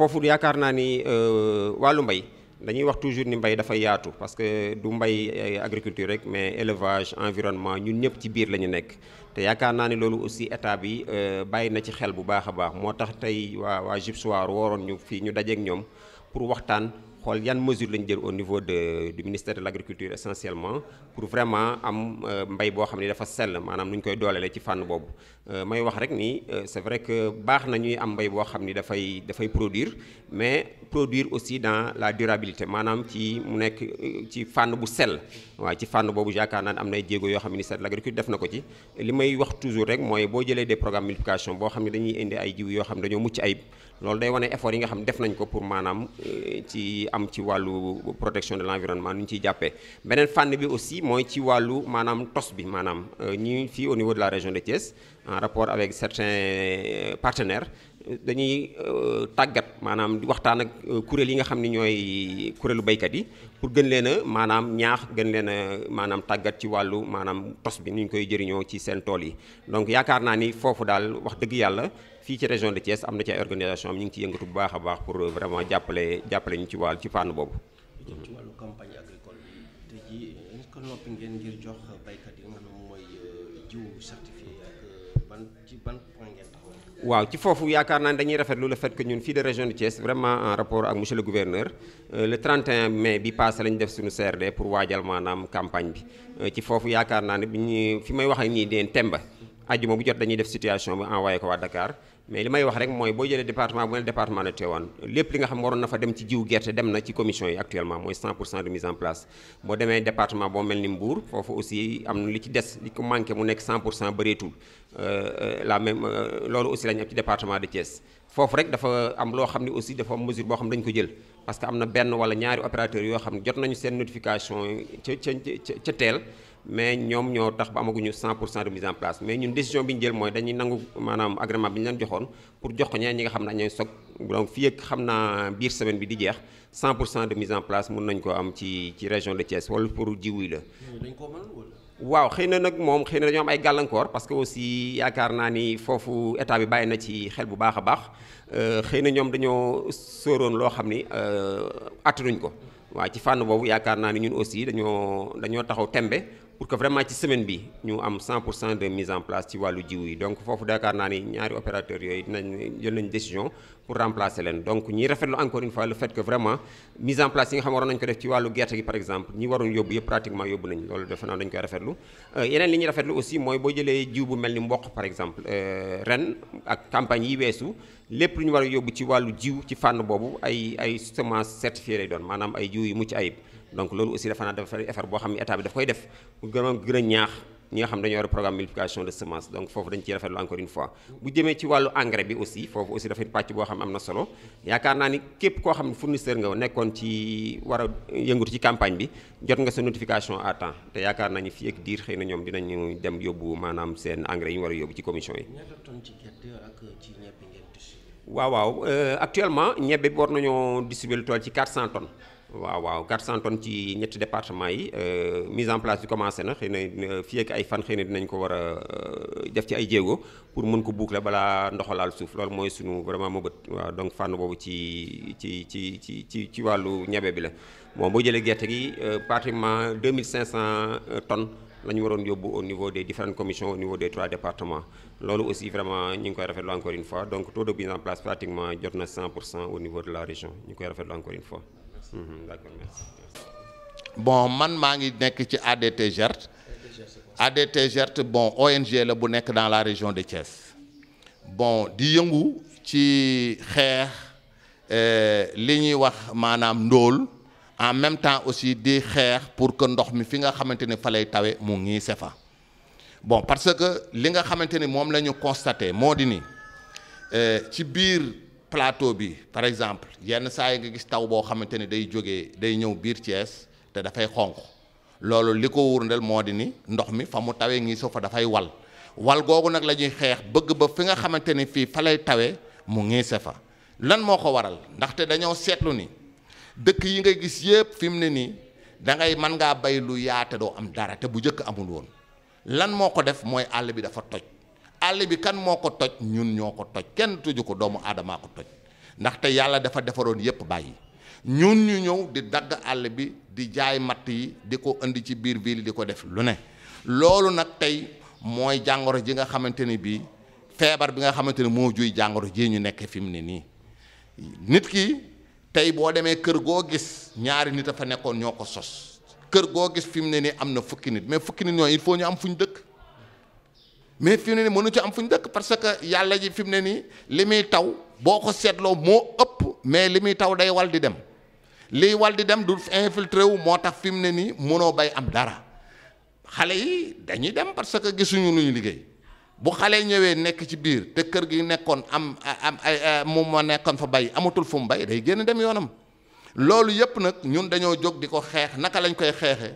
foofu yaakaar naa ni euh, wàllu mbay dañuy wax toujours ni mbay dafa yaatu parce que du mbay euh, agriculture rek mais élevage environnement ñun ñëpp ci biir la ñu nekk te yaakaar naa ni loolu aussi état bi euh, bàyyi na ci xel bu baax a baax moo tax tey waa waa GIPS waaro waroon ñu fii ñu dajeek ñoom pour waxtaan xool yan mesure lañ jël au niveau de du ministère de l' agriculture essentiellement pour vraiment am euh, mbay boo xam ne dafa sell maanaam nu ñu koy dooleele ci fànn boobu euh, may wax rek ni euh, est vrai que baax na ñuy am mbay boo xam ni dafay dafay produire mais produire aussi dans la durabilité maanaam ci mu nekk ci fànn bu sell waaw ci fànn boobu yaakaar naa ne am nay jéego yoo xam ministère de l' agriculture def na ko ci li may wax toujours rek mooy boo jëlee de programmes multiplication boo xam ne dañuy indi ay jiw yoo xam ne dañoo mucc ayib loolu day wane effort yi nga xam def nañ ko pour maanaam euh, ci am ci wàllu protection de l'environnement nu ñu ciy jàppee beneen fànn bi aussi mooy ci wàllu maanaam tos bi maanaam euh, ñi fii au niveau de la région de Thiès en rapport avec certains euh, partenaires dañuy euh, tàggat maanaam waxtaan ak euh, kuréel yi nga xam ni ñooy kuréelu baykat yi pour gën leen a maanaam ñaax gën leen a maanaam tàggat ci wàllu maanaam tos bi ni ñu koy jëriñoo ci seen tool yi donc yaakaar naa ni foofu daal wax dëgg yàlla fii ci région de Thiès am na ci ay organisation am ñu ngi ci yëngatu bu baax a baax pour vraiment jàppale jàppale ñu ci wàllu ci fànn boobu. ci wàllu campagne jox baykat yi nga ban ci ban point waaw ci foofu yaakaar naa ne dañuy rafetlu le fait que ñun fii de région de Thiès vraiment en rapport ak monsieur le gouverneur euh, le 31 mai bi passé lañu def suñu CRD pour waajal maanaam campagne bi euh, ci foofu yaakaar naa ne bi ñu fi may wax ak ñii deen temba àjjuma bu jot dañuy def situation bi envoyé ko waa Dakar mais li may wax rek mooy boo jëlee département bu ne département de Tivaouane lépp li nga xam waroon na fa dem ci jiw gerte dem na ci commission yi actuellement mooy 100 pour cent de mise en place boo demee département boo mel ni Mbour foofu aussi am li ci des li ko manqué mu nekk 100 pour cent bëreetul euh, euh, la même euh, loolu aussi lañu am ci département de Thiès foofu rek dafa am loo xam ne aussi dafa am mesure boo xam dañ ko jël parce que am na benn wala ñaari yoo xam ne jot nañu seen notification ca ca teel mais ñoom ñoo tax ba amaguñu cent pour cent de mise en place mais ñun décision bi ñu jël mooy dañuy nangu maanaam agrément bi ñu leen joxoon pour jox ko ñeneen ñi nga xam ne ñooy soog donc naa biir semaine bi di jeex 100 pour cent de en place mun nañ ko am ci ci région de Thiès wala pour jiwu yi la. dañ ko mën waaw xëy na nag moom xëy na dañoo am ay gàllankoor parce que aussi yaakaar naa ni foofu état bi bàyyi na ci xel bu baax a baax euh, xëy na ñoom dañoo sóoroon loo xam ni euh, attanuñ ko waa ci fànn boobu yaakaar naa ni ñun aussi dañoo dañoo taxaw tembe pour que vraiment ci semaine bi ñu am 100 pour cent de mise en place ci wàllu jiw yi donc foofu yaakaar naa ni ñaari opérateurs yooyu dinañ jël nañ décision pour remplacer leen donc ñuy rafetlu encore une fois le fait que vraiment mise en place yi nga xam waroon nañ ko def ci wàllu gerte gi par exemple ñi waroon yóbbu yëpp pratiquement yóbbu nañ loolu defe naa dañ koy rafetlu euh, yeneen li ñuy rafetlu aussi mooy boo jëlee jiw bu mel ni mboq par exemple euh, ren ak campagne yi weesu lépp lu ñu war a yóbbu ci wàllu jiw ci fànn boobu ay ay semence certifiée lay doon maanaam ay jiw yu mucc ayib donc loolu aussi dafa naa dafa effort boo xam ne état bi daf koy def pour gën a gën a ñaax ñi nga xam dañoo war programme multiplication de semence donc foofu dañ ciy rafetlu encore une fois bu jëmee ci wàllu engrais bi aussi foofu aussi dafa pàcc boo xam ne am na solo yaakaar naa ni képp koo xam ne fournisseur nga nekkoon ci war a ci campagne bi jot nga sa notification à temps te yaakaar naa ni fii ak diir xëy na ñoom dinañu dem yóbbu maanaam seen engrais ñu war a yóbbu ci commission yi waaw waaw euh, actuellement ñebe bi war nañoo distribuer lu toll ci 400 tonnes waaw waaw cent tonnes ci ñetti département yi euh, mise en place bi commencé na xëy na euh, fii ak ay fan xëy na dinañ ko war a euh, def ci ay jéego pour mën ko boucler balaa ndoxalaal suuf loolu mooy sunu vraiment mëbët waa donc fànn boobu ci ci ci ci ci ci wàllu ñebe bi la bon boo jëlee gerte gi pratiquement 2500 tonnes la ñu waroon yóbbu au niveau des différentes commissions au niveau des trois départements loolu aussi vraiment ñu ngi koy rafetlu encore une fois donc taux mise en place pratiquement jot na 100 pour cent au niveau de Mhm, bon man maa ngi nekk ci ADT Gerte. ADT Gerte bon ONG la bu nekk dans la région de Thiès. bon di yëngu ci xeex eh, li ñuy wax maanaam ndóol en même temps aussi di xeex pour que ndox mi fi nga xamante ni fa lay tawe mu ngi fa bon parce que li nga xamante ni moom la ñu constaté moo di ni eh, ci biir. plateau bi par exemple yenn saa yi nga gis taw boo xamante ni day jógee day ñëw biir Thiès te dafay xonq loolu li ko wurndel moo di ni ndox mi fa mu tawee ngi so fa dafay wal wal googu nag la ñuy xeex bëgg ba fi nga xamante ni fii fa lay tawee mu ngi fa lan moo ko waral ndaxte dañoo seetlu ni dëkk yi nga gis yépp fi mu ne nii da ngay mën ngaa bay lu yaate doo am dara te bu njëkk amul woon lan moo ko def mooy àll bi dafa toj àll bi kan moo ko toj ñun ñoo ko toj kenn toju ko doomu aadamaa ko toj ndaxte yàlla dafa defaroon yépp bàyyi ñun ñu ñëw di dagg àll bi di jaay matt yi di ko indi ci biir ville di ko def lu ne loolu nag tey mooy jàngoro ji nga xamante ni bii feebar bi nga xamante ni moo juy jàngoro ji ñu nekkee fi mu ne nii nit ki tey boo demee kër goo gis ñaari nit a fa nekkoon ñoo ko sos kër goo gis fi mu ne nii am na fukki nit mais fukki nit ñoo il faut ñu am fu ñu dëkk mais fi mu ne nii mënu ci am fu ñu dëkk parce que yàlla ji fi mu ne nii li muy taw boo ko seetloo moo ëpp mais li muy taw day wal di dem liy wal di dem du infiltré wu moo tax fi mu ne nii mënoo bay am dara xale yi dañuy dem parce que gisuñu lu ñu liggéey bu xale ñëwee nekk ci biir te kër gi nekkoon am am ay mu ma nekkoon fa bay amatul fu mu bay day génn dem yoonam loolu yëpp nag ñun dañoo jóg di ko xeex naka lañ koy xeexee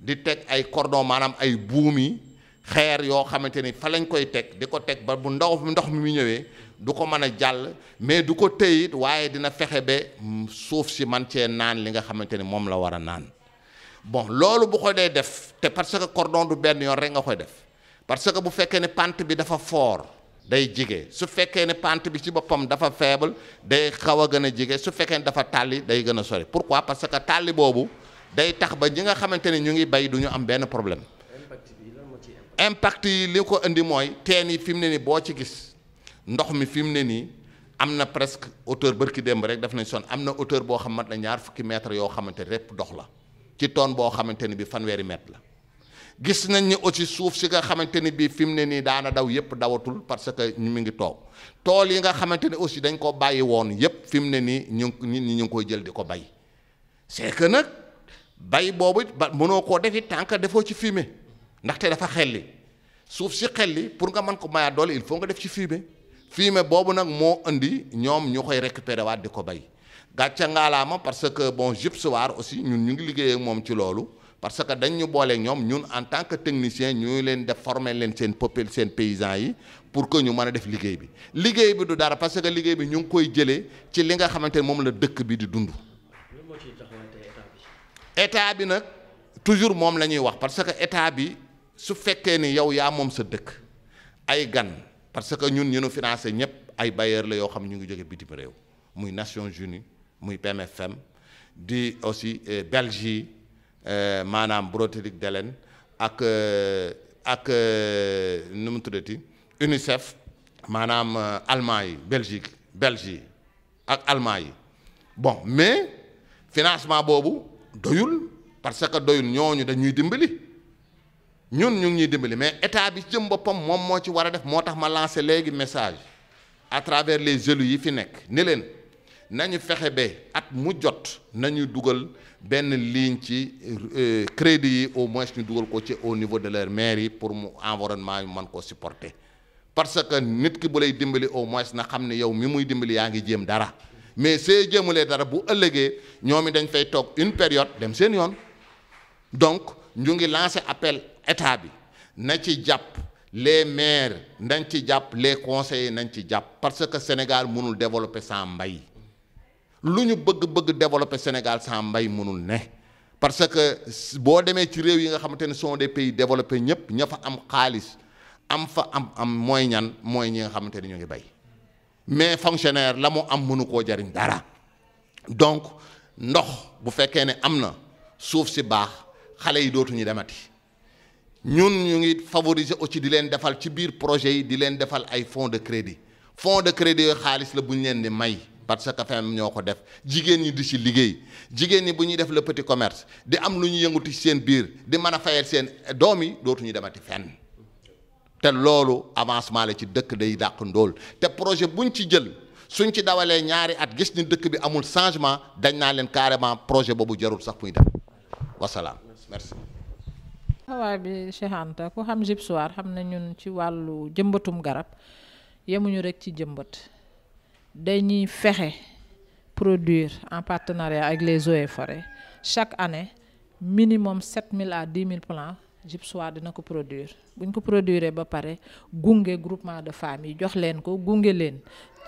di teg ay cordon maanaam ay buum yi xeer yoo xamante ni fa lañ koy teg di ko teg ba bu ndaw ndox mi ñëwee du ko mën a jàll mais du ko tëyit waaye dina fexe ba suuf si man cee naan li nga xamante ni moom la war a naan bon loolu bu ko dee def te parce que cordon du benn yoon rek nga koy def parce que bu fekkee ne pant bi dafa foor day jige su fekkee ne pant bi ci boppam dafa faible day xaw a gën a jige su fekkee ne dafa tàlli day gën a sori pourquoi parce que tàlli boobu day tax ba ñi nga xamante ni ñu ngi bay du ñu am benn problème impact yi li ko indi mooy teen yi fi mu ne nii boo ci gis ndox mi fi mu ne nii am na presque hauteur bërki démb rek daf nañ son am na hauteur boo xam mat na ñaar fukki mètre yoo xamante répp dox la ci toon boo xamante ni bi fanweeri mètre la gis nañ ni aussi suuf si nga xamante ni bii fi mu ne nii daana daw yëpp dawatul parce que ñu mu ngi toog tool yi nga xamante ni aussi dañ ko bàyyi woon yëpp fi mu ne nii ñu ngi ñu ngi koy jël di ko bay c'est que nag bay boobu ba mënoo koo defi tànk defoo ci fumier ndaxte dafa xelli suuf si xelli pour nga mën ko mayaat doole il faut nga def ci fumier fumier boobu nag moo indi ñoom ñu koy récupérer waat di ko bay gàcce ngaalaama parce que bon GIPSWAR aussi ñun ñu ngi liggéey moom ci loolu parce que dañ ñu boole ñoom ñun en tant que technicien ñu leen def former leen seen peuple seen paysan yi pour que ñu mën a def liggéey bi liggéey bi du dara parce que liggéey bi ñu ngi koy jëlee ci li nga xamante ne moom la dëkk bi di dund. bi nag toujours moom la ñuy wax parce que état bi. su fekkee ni yow yaa moom sa dëkk ay gan parce que ñun ñu financer financé ñëpp ay bailleur la yoo xam ñu ngi jóge bitim réew muy Nations Unies muy PMFM di aussi eh, Belgique eh, maanaam Brotelique Delen ak eh, ak nu mu tuddati UNICEF maanaam allemand yi Belgique Belgique ak allemand yi bon mais financement boobu doyul parce que doyul ñooñu dañuy dimbali. ñun ñu ngi ñuy dimbali mais état bi jëm boppam moom moo ci war a def moo tax ma lancé léegi message à travers les élus yi fi nekk ni leen nañu fexe ba at mu jot nañu dugal benn ligne ci euh, crédit yi au moins ñu dugal ko ci au niveau de leur maire yi pour mu environnement yu man koo supporter parce que nit ki bu lay dimbali au moins na xam ne yow mi muy dimbali yaa ngi jéem dara mais see jéemulee dara bu ëllëgee ñoom it dañ fay toog une période dem seen yoon donc ñu état bi na ci jàpp les maire nañ ci jàpp les conseillers nañ ci jàpp parce que Sénégal mënul développer sans mbay lu ñu bëgg-bëgg développer Sénégal sans mbay mënul ne parce que boo demee ci réew yi nga xamante ne sont des pays développés ñëpp ña fa am xaalis am fa am am mooy ñan mooy ñi nga xamante ne ñu ngi bay mais fonctionnaire la mu am munu koo jariñ dara donc ndox bu fekkee ne am na suuf si baax xale yi dootuñu demati. ñun ñu ngi favoriser aussi di leen defal ci biir projet yi di leen defal ay fonds de crédit fonds de crédit yooyu xaalis la bu ñu leen di may parce que fem ñoo ko def jigéen ñi di ci liggéey jigéen ñi bu ñuy def le petit commerce di am lu ñu yëngatu seen biir di mën a fayal seen doom yi dootuñu demati fenn te loolu avancement la ci dëkk day dàq ndool te projet buñ ci jël suñ ci dawalee ñaari at gis ni dëkk bi amul changement dañ naa leen carrément projet boobu jarul sax muy dem wasalaam xawaar bi Cheikh Anta ku xam Gibsoir xam na ñun ci wàllu jëmbatum garab yemuñu rek ci jëmbat dañuy fexe produire en partenariat avec les eaux et forêts chaque année minimum 7000 à 10 000 plants Gibsoir dina ko produire buñ ko produire ba pare gunge groupement de femme yi jox leen ko gunge leen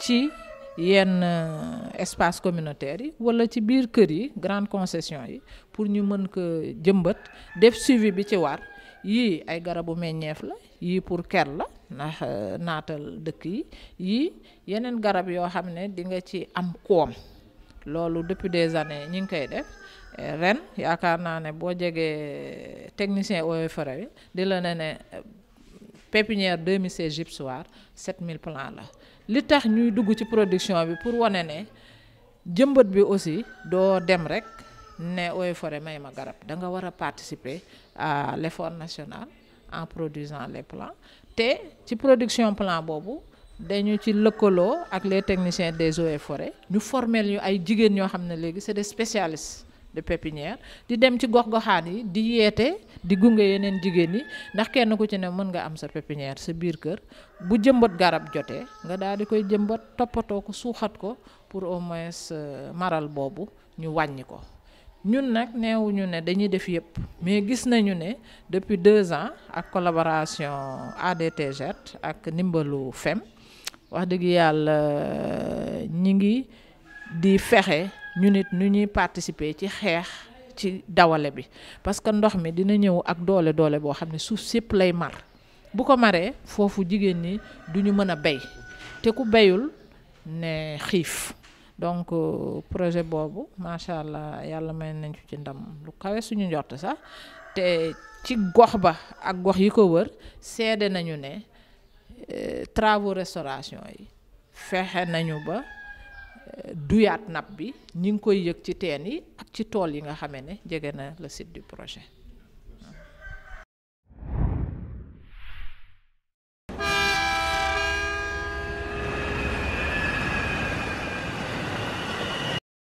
ci yenn euh, espace communautaire yi wala ci biir kër yi grande concession yi pour ñu mën ko jëmbat def suivi bi ci war yii ay garabu meññeef la yii pour ker la ndax euh, naatal dëkk yi yii yeneen garab yoo xam ne di nga ci am koom loolu depuis des années ñi ngi koy def euh, ren yaakaar naa ne boo jegee technicien eaux et forêts di la ne ne pépinière 2016 gypsoir 7000 plants la li tax ñuy dugg ci production bi pour wane ne jëmbat bi aussi doo dem rek ne Eaux Forêts may ma garab da nga war a participer à l'effort national en produisant les plans te ci production plan boobu dañu ci lëkkaloo ak les techniciens des Eaux et Forêts ñu formel ñu ay jigéen ñoo xam ne léegi c'est de spécialistes de di dem ci gox-goxaan yi di yeete di gunge yeneen jigéen yi ndax kenn ku ci ne mën nga am sa pépinière sa biir kër bu jëmbat garab jotee nga daal di koy jëmbat toppatoo ko suuxat ko pour au moins euh, maral boobu ñu wàññi ko ñun nag neewuñu ne dañuy def yëpp mais gis nañu ne depuis deux ans ak collaboration ADTGET ak ndimbalu FEM wax dëgg yàlla euh, ñi ngi di fexe ñu nit ñu ñuy participer ci xeex ci dawale bi parce que ndox mi dina ñëw ak doole doole boo xam ne suuf sépp lay mar bu ko maree foofu jigéen ñi du ñu mën a bey te ku beyul ne xiif donc euh, projet boobu macha allah yàlla may nañ ci ndam lu kawe suñu njort sax te ci gox ba ak gox yi ko wër seede nañu ne euh, travaux restauration yi fexe nañu ba duyaat napp bi ñi ngi koy yëg ci teen yi ak ci tool yi nga xame ne jege na la site du projet